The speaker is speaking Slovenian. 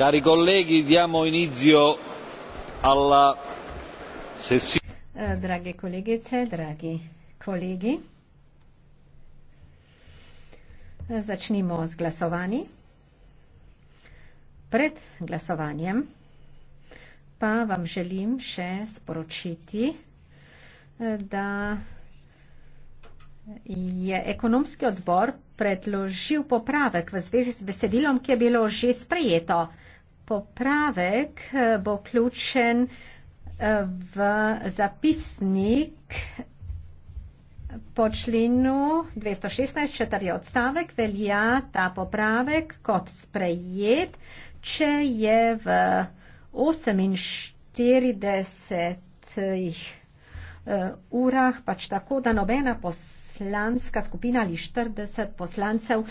cari colleghi diamo inizio alla sessione eh, draghe colleghezze draghi colleghi eh, začnimo z glasovanji pred glasovanjem pa vam želim še sporočiti eh, da je ekonomski odbor predložil popravek v zvezi z besedilom, ki je bilo že sprejeto. Uh, popravek eh, bo ključen eh, v zapisnik po členu 216, četrti odstavek, velja ta popravek kot sprejet, če je v 48 eh, urah pač tako, da nobena poslanska skupina ali 40 poslancev